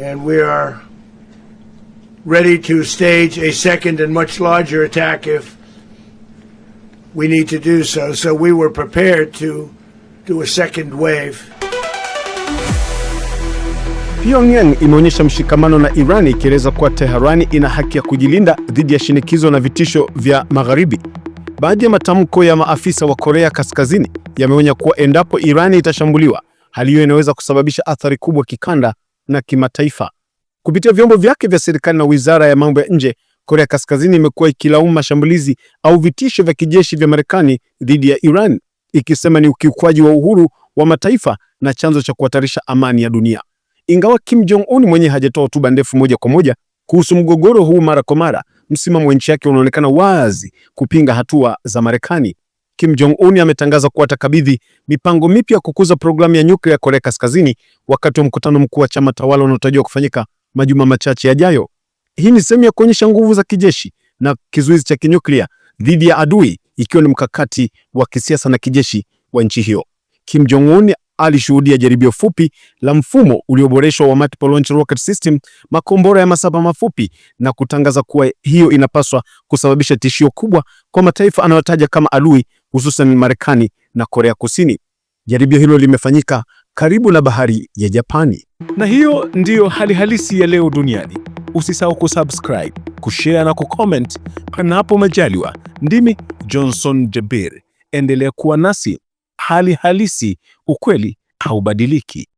and we are ready to stage a second and much larger attack if we need to do so. So we were prepared to do a second wave. Pyongyang imeonyesha mshikamano na Iran ikieleza kuwa Teherani ina haki ya kujilinda dhidi ya shinikizo na vitisho vya Magharibi. Baadhi ya matamko ya maafisa wa Korea Kaskazini yameonya kuwa endapo Irani itashambuliwa, hali hiyo inaweza kusababisha athari kubwa kikanda na kimataifa. Kupitia vyombo vyake vya serikali na wizara ya mambo ya nje, Korea Kaskazini imekuwa ikilaumu mashambulizi au vitisho vya kijeshi vya Marekani dhidi ya Iran, ikisema ni ukiukwaji wa uhuru wa mataifa na chanzo cha kuhatarisha amani ya dunia. Ingawa Kim Jong Un mwenyewe hajatoa hotuba ndefu moja kwa moja kuhusu mgogoro huu mara kwa mara, msimamo wa nchi yake unaonekana wazi kupinga hatua za Marekani Kim Jong Un ametangaza kuwa atakabidhi mipango mipya ya kukuza programu ya nyuklia Korea Kaskazini wakati wa mkutano mkuu wa chama tawala unaotarajiwa kufanyika majuma machache yajayo. Hii ni sehemu ya kuonyesha nguvu za kijeshi na kizuizi cha kinyuklia dhidi ya adui, ikiwa ni mkakati wa kisiasa na kijeshi wa nchi hiyo. Kim Jong Un alishuhudia jaribio fupi la mfumo ulioboreshwa wa multiple launch rocket system, makombora ya masafa mafupi, na kutangaza kuwa hiyo inapaswa kusababisha tishio kubwa kwa mataifa anayotaja kama adui hususan Marekani na Korea Kusini. Jaribio hilo limefanyika karibu na bahari ya Japani. Na hiyo ndiyo hali halisi ya leo duniani. Usisahau kusubscribe, kushare na kucomment panapo majaliwa. Ndimi Johnson Jabir, endelea kuwa nasi. Hali halisi, ukweli haubadiliki.